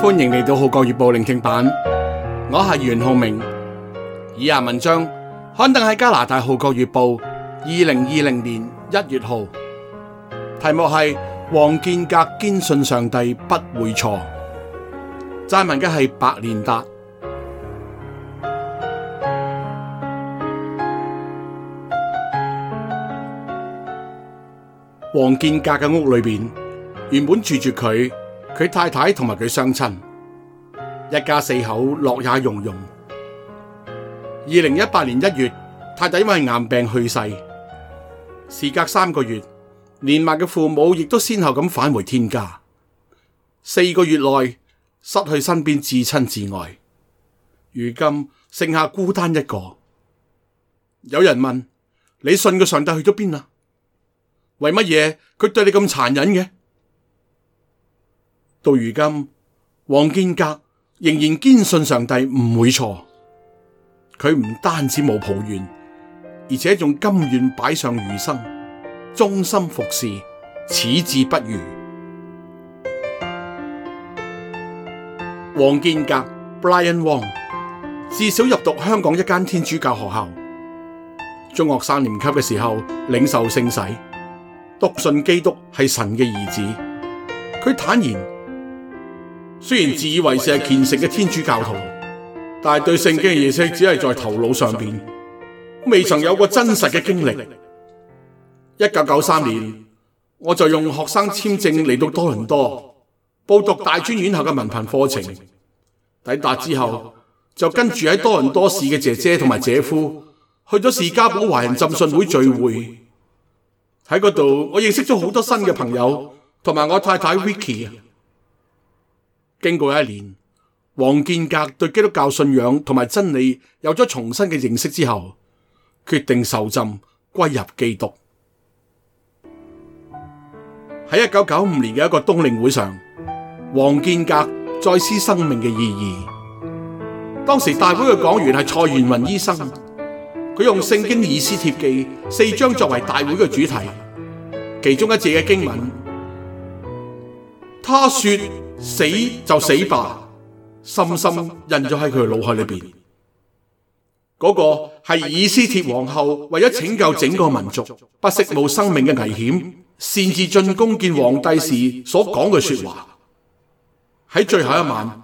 歡迎嚟到《浩國月報》聆聽版，我係袁浩明。以下文章刊登在加拿大《浩國月報》二零二零年一月號，題目係《王建革堅信上帝不會錯》。撰文嘅係百年達。王建革嘅屋裏邊，原本住住佢。佢太太同埋佢雙親，一家四口樂也融融。二零一八年一月，太太因為癌病去世。事隔三個月，年邁嘅父母亦都先後咁返回天家。四個月內失去身邊至親至愛，如今剩下孤單一個。有人問：你信嘅上帝去咗邊啊？為乜嘢佢對你咁殘忍嘅？到如今，王建革仍然堅信上帝唔會錯。佢唔單止冇抱怨，而且仲甘願擺上餘生，忠心服侍，此志不渝。王建革 b r i a n Wong） 自小入讀香港一間天主教學校，中學三年級嘅時候領受聖使，篤信基督係神嘅兒子。佢坦然。雖然自以為是，係虔誠嘅天主教徒，但係對聖經嘅認識只係在頭腦上面，未曾有過真實嘅經歷。一九九三年，我就用學生簽證嚟到多倫多，報讀大專院校嘅文憑課程。抵達之後，就跟住喺多倫多市嘅姐姐同埋姐夫去咗士嘉堡華人浸信會聚會。喺嗰度，我認識咗好多新嘅朋友，同埋我太太 Vicky。經過一年，王建革對基督教信仰同埋真理有咗重新嘅認識之後，決定受浸歸入基督。喺一九九五年嘅一個冬令會上，王建革再思生命嘅意義。當時大會嘅講員是蔡元雲醫生，佢用聖經以斯帖記四章作為大會嘅主題，其中一節嘅經文。他說死就死吧，深深印咗喺佢嘅腦海裏邊。嗰、那個係以斯帖皇后為咗拯救整個民族，不惜冒生命嘅危險，擅自進宮見皇帝時所講嘅說的話。喺最後一晚，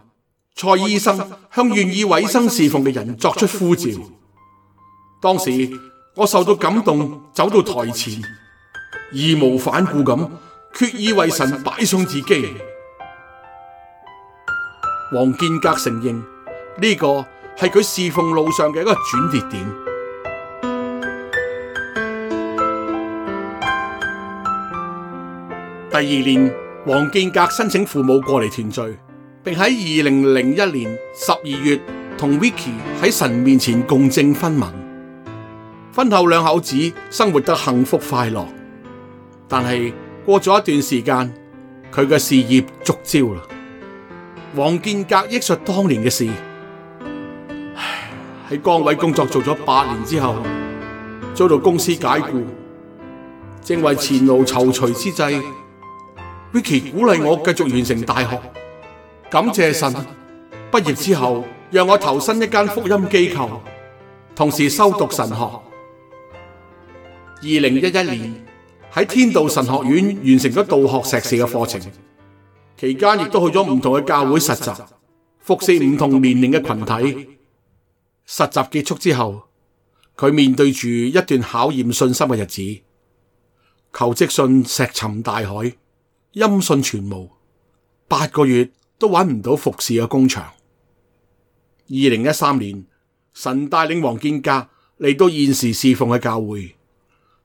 蔡醫生向願意委身侍奉嘅人作出呼召。當時我受到感動，走到台前，義無反顧咁。決意為神擺上自己。王建革承認呢個係佢侍奉路上嘅一個轉折點。第二年，王建革申請父母過嚟團聚，並喺二零零一年十二月同 Vicky 喺神面前共證婚盟。婚後兩口子生活得幸福快樂，但係過咗一段時間，佢嘅事業逐招啦。王建革憶述當年嘅事：喺崗位工作做咗八年之後，遭到公司解雇，正為前路躊躇之際，Vicky 鼓勵我繼續完成大學。感謝神，畢業之後讓我投身一間福音機構，同時修讀神學。二零一一年，喺天道神學院完成咗道學碩士嘅課程，期間亦都去咗唔同嘅教會實習，服侍唔同年齡嘅群體。實習結束之後，佢面對住一段考驗信心嘅日子，求職信石沉大海，音訊全無，八個月都揾唔到服侍嘅工場。二零一三年，神帶領王建革嚟到現時侍奉嘅教會。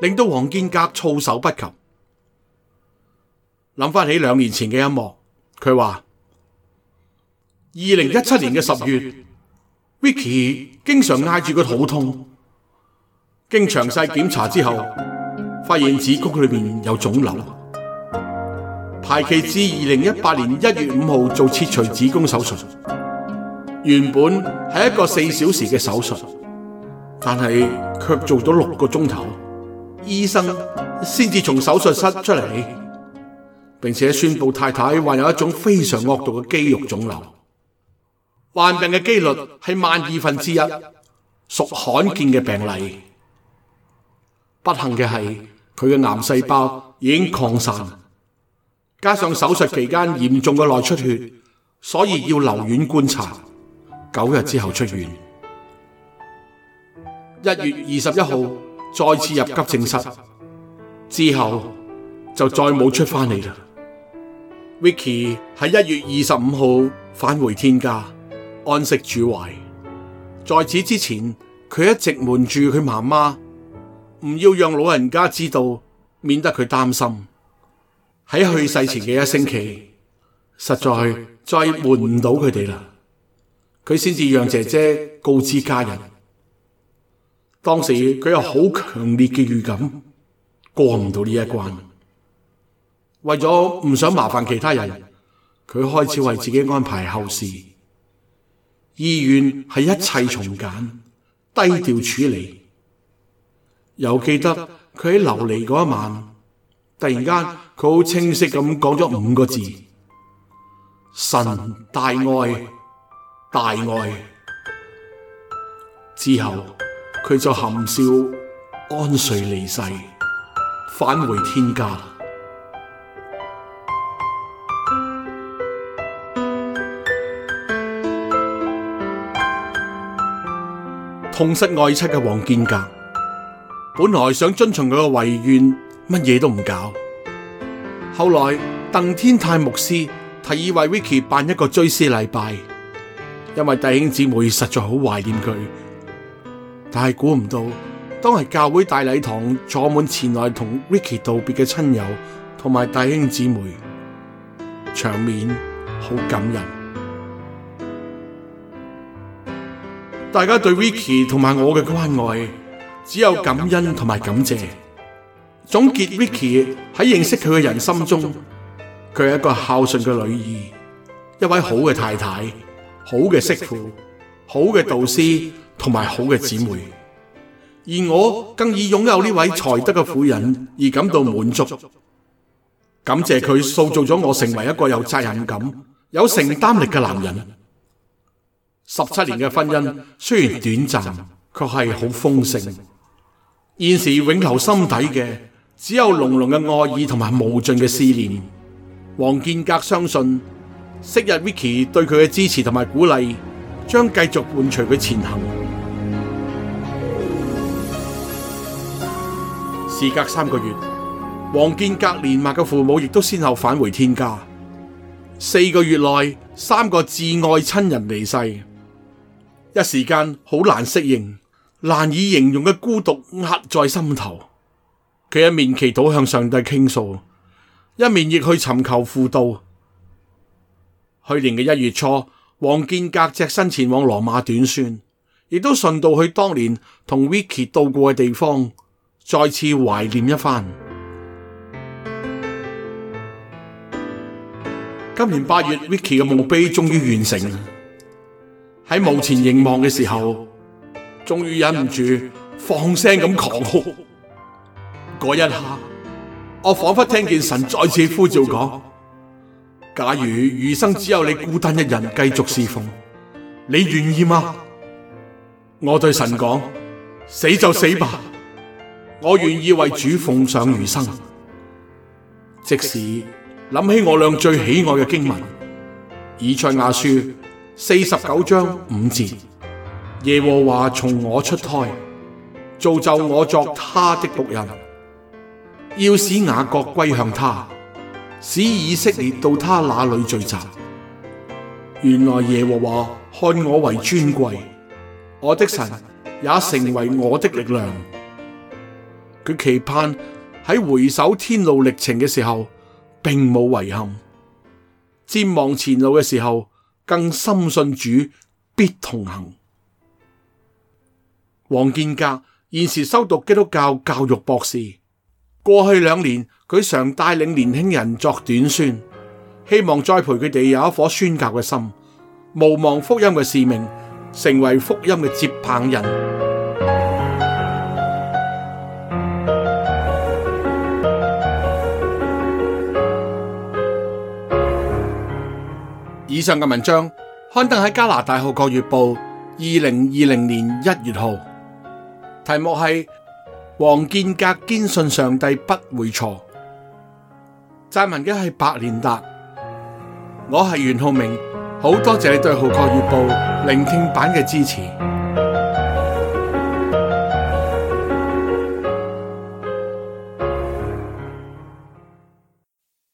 令到王建革措手不及，諗返起兩年前嘅一幕，佢話：二零一七年嘅十月，Vicky 經常嗌住佢肚痛，經詳細檢查之後，發現子宮裏面有腫瘤，排期至二零一八年一月五號做切除子宮手術。原本係一個四小時嘅手術，但係卻做咗六個鐘頭。醫生先至從手術室出嚟，並且宣布太太患有一種非常惡毒嘅肌肉腫瘤，患病嘅幾率係萬二分之一，屬罕見嘅病例。不幸嘅係，佢嘅癌細胞已經擴散，加上手術期間嚴重嘅內出血，所以要留院觀察，九日之後出院。一月二十一號，再次入急症室之後，就再冇出返嚟啦。Vicky 喺一月二十五號返回天家，安息主懷。在此之前，佢一直瞞住佢媽媽，唔要讓老人家知道，免得佢擔心。喺去世前嘅一星期，實在再瞞唔到佢哋啦，佢先至讓姐姐告知家人。當時佢有好強烈嘅預感，過唔到呢一關，為咗唔想麻煩其他人，佢開始為自己安排後事。意願係一切從簡、低調處理。又記得佢喺琉璃嗰一晚，突然間佢好清晰咁講咗五個字：神大愛，大愛之後。佢就含笑安睡離世，返回天家。痛失愛妻嘅王建革，本來想遵從佢嘅遺願，乜嘢都唔搞。後來鄧天泰牧師提議為 Vicky 辦一個追思禮拜，因為弟兄姊妹實在好懷念佢。但係估唔到，當係教會大禮堂坐滿前來同 Vicky 道別嘅親友同埋弟兄姊妹，場面好感人。大家對 Vicky 同埋我嘅關愛，只有感恩同埋感謝。總結 Vicky 喺認識佢嘅人心中，佢係一個孝順嘅女兒，一位好嘅太太，好嘅媳婦，好嘅導師，同埋好嘅姊妹，而我更以擁有呢位才德嘅婦人而感到滿足，感謝佢塑造咗我成為一個有責任感、有承擔力嘅男人。十七年嘅婚姻雖然短暫，卻係好豐盛。現時永留心底嘅，只有濃濃嘅愛意同埋無盡嘅思念。王建革相信，昔日 Vicky 對佢嘅支持同埋鼓勵，將繼續伴隨佢前行。事隔三個月，王建革年邁嘅父母亦都先後返回天家。四個月內，三個至愛親人離世，一時間好難適應，難以形容嘅孤獨壓在心頭。佢一面祈禱向上帝傾訴，一面亦去尋求輔導。去年嘅一月初，王建革隻身前往羅馬短宣，亦都順道去當年同 Vicky 到過嘅地方。再次懷念一番。今年八月，Vicky 嘅墓碑終於完成啦。喺墓前凝望嘅時候，終於忍唔住放聲咁狂哭。嗰一刻，我仿佛聽見神再次呼召講：「假如餘生只有你孤單一人繼續侍奉，你願意嗎？我對神講：死就死吧。我願意為主奉上餘生，即使諗起我倆最喜愛嘅經文，以賽亞書四十九章五節：耶和華從我出胎，造就我作他的僕人，要使雅各歸向他，使以色列到他那裏聚集。原來耶和華看我為尊貴，我的神也成為我的力量。佢期盼喺回首天路歷程嘅時候，並冇遺憾；瞻望前路嘅時候，更深信主必同行。王建革現時修讀基督教教育博士，過去兩年佢常帶領年輕人作短宣，希望栽培佢哋有一顆宣教嘅心，無忘福音嘅使命，成為福音嘅接棒人。以上嘅文章刊登喺加拿大《號角月報》二零二零年一月號，題目係《王建革堅信上帝不會錯》，撰文嘅係白連達，我係袁浩明，好多謝你對《號角月報》聆聽版嘅支持。